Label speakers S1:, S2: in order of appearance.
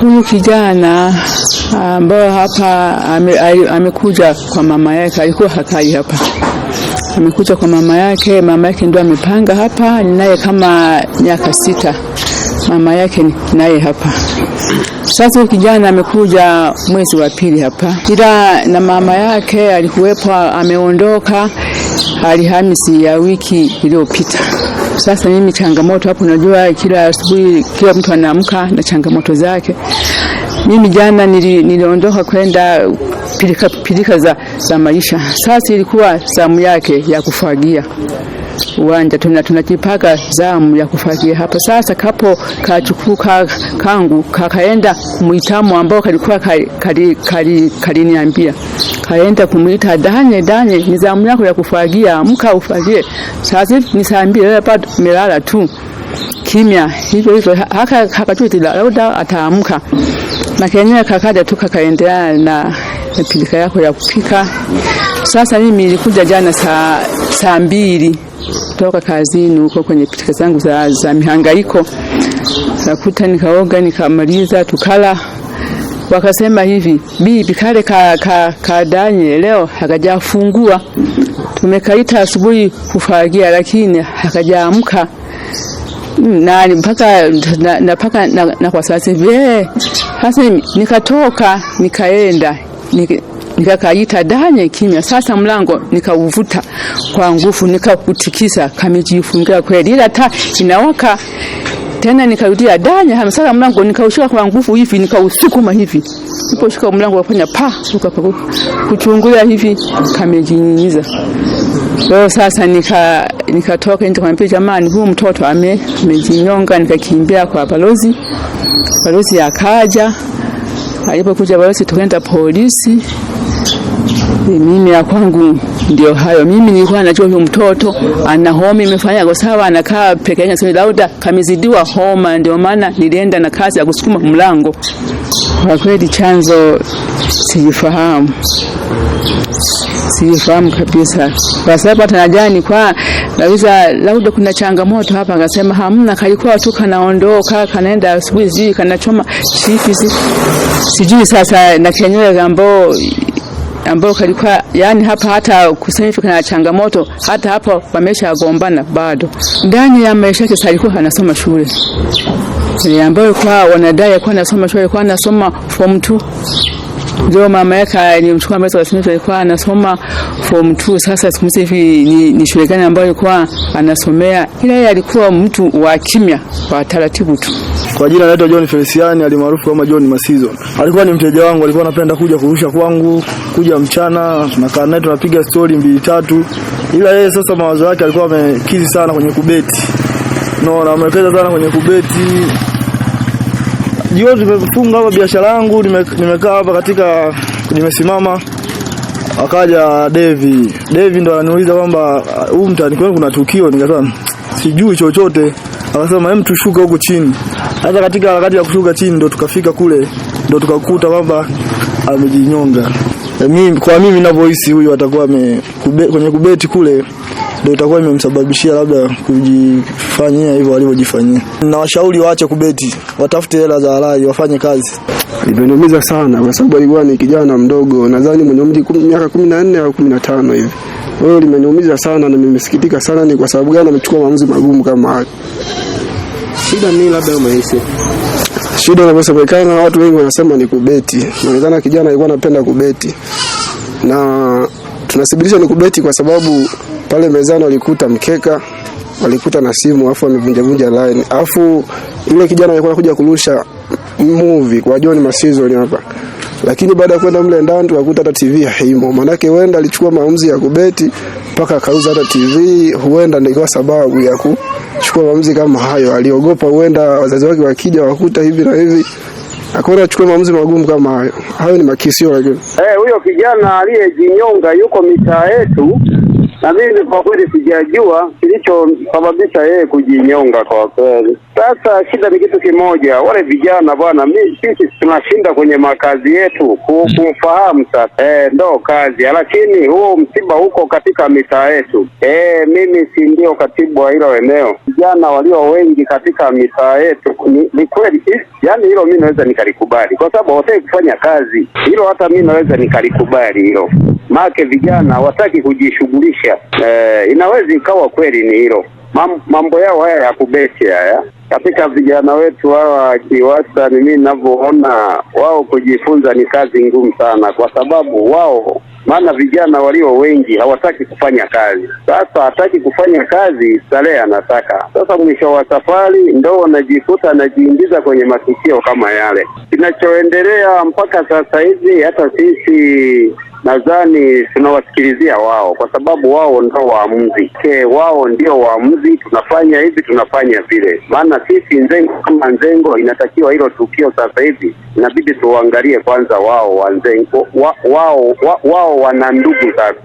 S1: Huyu kijana ah, ambaye hapa amekuja ame kwa mama yake, alikuwa hakai hapa, amekuja kwa mama yake. Mama yake ndio amepanga hapa naye kama miaka sita, mama yake naye hapa sasa kijana amekuja mwezi wa pili hapa, ila na mama yake alikuwepo, ameondoka Alhamisi ya wiki iliyopita. Sasa mimi changamoto hapo, unajua kila asubuhi kila mtu anaamka na changamoto zake. Mimi jana nili, niliondoka kwenda pilika, pilika za, za maisha. Sasa ilikuwa zamu yake ya kufagia uwanja tuna tunajipaka zamu ya kufagia hapa sasa. Kapo kachukuka kangu kakaenda mwitamu ambao kalikuwa kaliniambia kali, kali, kali kaenda kumuita Danye, Danye, ni zamu yako ya kufagia, amka ufagie. Sasa ni saa mbili leo bado melala tu kimya hivyo hivyo, haka hakajuti labda ataamka. Na kenyewe kakaja tu kakaendea na pilika yako ya kupika. Sasa mimi nilikuja jana saa saa mbili toka kazini huko kwenye pilika zangu za, za mihangaiko, nakuta nikaoga nikamaliza tukala wakasema hivi, bibi kale ka, ka, ka danye leo hakajafungua. Tumekaita asubuhi kufagia, lakini hakajaamka hmm, na mpaka na, na, na, na, na kwa sasa hivi sasa nikatoka nikaenda nika, nikakaita danye kimya. Sasa mlango nikauvuta kwa nguvu, nikakutikisa kamejifungia kweli, ila taa inawaka. Tena nikarudia danya hamsaka mlango nikaushika kwa nguvu hivi nikausukuma hivi. shika mlango wafanya pa pa kuchungulia hivi kamejinyinyiza. Leo sasa nika nikatoka nje nikamwambia jamani huyu mtoto ame amejinyonga nikakimbia kwa balozi. Balozi akaja. Alipokuja balozi tukaenda polisi mimi ya kwangu ndio hayo. Mimi nilikuwa najua huyu mtoto ana homa imefanya kwa sawa, anakaa peke yake sio lauda, kamizidiwa homa, ndio maana nilienda na kazi ya kusukuma mlango. Kwa kweli chanzo sijifahamu, sijifahamu kabisa, kwa sababu hata najani kwa naweza lauda kuna changamoto hapa, akasema hamna, kalikuwa tu kanaondoka kanaenda asubuhi, sijui kanachoma chipi, sijui sasa na kenyewe gambo ambao kalikuwa yani hapa hata kusanyiko kana changamoto, hata hapa wameshagombana bado. Ndani ya maisha yake alikuwa anasoma shule ambayo kwa wanadai kwa anasoma shule, kwa anasoma form 2 ndio mama yake alimchukua mbele kwa alikuwa anasoma form 2 sasa siku hizi hivi ni, ni shule gani ambayo alikuwa anasomea, ila yeye alikuwa mtu wa kimya wa taratibu tu.
S2: Kwa jina anaitwa John Felician alimaarufu kama John Masizo. Alikuwa ni mteja wangu, alikuwa anapenda kuja kurusha kwangu, kuja mchana kana naye tunapiga stori mbili tatu, ila yeye sasa mawazo yake alikuwa amekizi sana kwenye kubeti, naona amewekeza sana kwenye kubeti jioni nimefunga hapa biashara yangu, nimekaa hapa katika, nimesimama akaja Devi. Devi ndo ananiuliza kwamba uh, huu mtaani kwenu kuna tukio, nikasema sijui chochote. Akasema hem, tushuke huku chini. Hata katika harakati ya kushuka chini ndo tukafika kule, ndo tukakuta kwamba amejinyonga. Mimi kwa mimi ninavyohisi, huyu atakuwa kwenye kubeti kule ndio itakuwa imemsababishia labda kujifanyia hivyo alivyojifanyia. Na washauri waache kubeti, watafute hela za halali, wafanye kazi. Imeniumiza sana kwa sababu alikuwa ni kijana mdogo, nadhani mwenye umri miaka kumi na nne au kumi na tano hivi. Kwa hiyo limeniumiza sana na nimesikitika sana. Ni kwa sababu gani amechukua maamuzi magumu kama haya? Shida ni labda umeisi shida inavyosemekana, watu wengi wanasema ni kubeti. Inaonekana kijana alikuwa anapenda kubeti na tunasibirisha ni kubeti kwa sababu pale mezani walikuta mkeka, walikuta na simu, afu wamevunjavunja line, afu yule kijana alikuwa anakuja kurusha movie kwa John Masizo ile hapa lakini baada ya kwenda mle ndani tukakuta hata TV haimo. Maanake huenda alichukua maamuzi ya kubeti mpaka akauza hata TV, huenda ndio kwa sababu ya kuchukua maamuzi kama hayo. Aliogopa huenda wazazi wake wakija wakuta hivi na hivi, akora achukue maamuzi magumu kama hayo. Hayo ni makisio, lakini
S3: eh, huyo kijana aliyejinyonga yuko mitaa yetu, na mimi kwa kweli sijajua kilichosababisha yeye kujinyonga kwa kweli. Sasa shida ni kitu kimoja, wale vijana bwana, mimi sisi tunashinda kwenye makazi yetu mm. kumfahamu. Sasa e, ndo kazi, lakini huo msiba huko katika mitaa yetu. E, mimi si ndio katibu wa hilo eneo, vijana walio wengi katika mitaa yetu ni, ni kweli, yani hilo mi naweza nikalikubali kwa sababu hawataki kufanya kazi, hilo hata mi naweza nikalikubali hilo, maake vijana hawataki kujishughulisha. E, inaweza ikawa kweli ni hilo mambo yao haya ya kubeki haya katika vijana wetu hawa kiwasa, ni mimi ninavyoona, wao kujifunza ni kazi ngumu sana, kwa sababu wao, maana vijana walio wengi hawataki kufanya kazi. Sasa hataki kufanya kazi, Salehe anataka sasa. Mwisho wa safari ndo anajikuta anajiingiza kwenye matukio kama yale. Kinachoendelea mpaka sasa hivi, hata sisi nadhani tunawasikilizia wao, kwa sababu wao ndio waamuzi. Ke, wao ndio waamuzi, tunafanya hivi tunafanya vile. Maana sisi Nzengo kama Nzengo, inatakiwa hilo tukio sasa hivi inabidi tuangalie kwanza wao wa Nzengo, wa, wao wa, wao wana ndugu sasa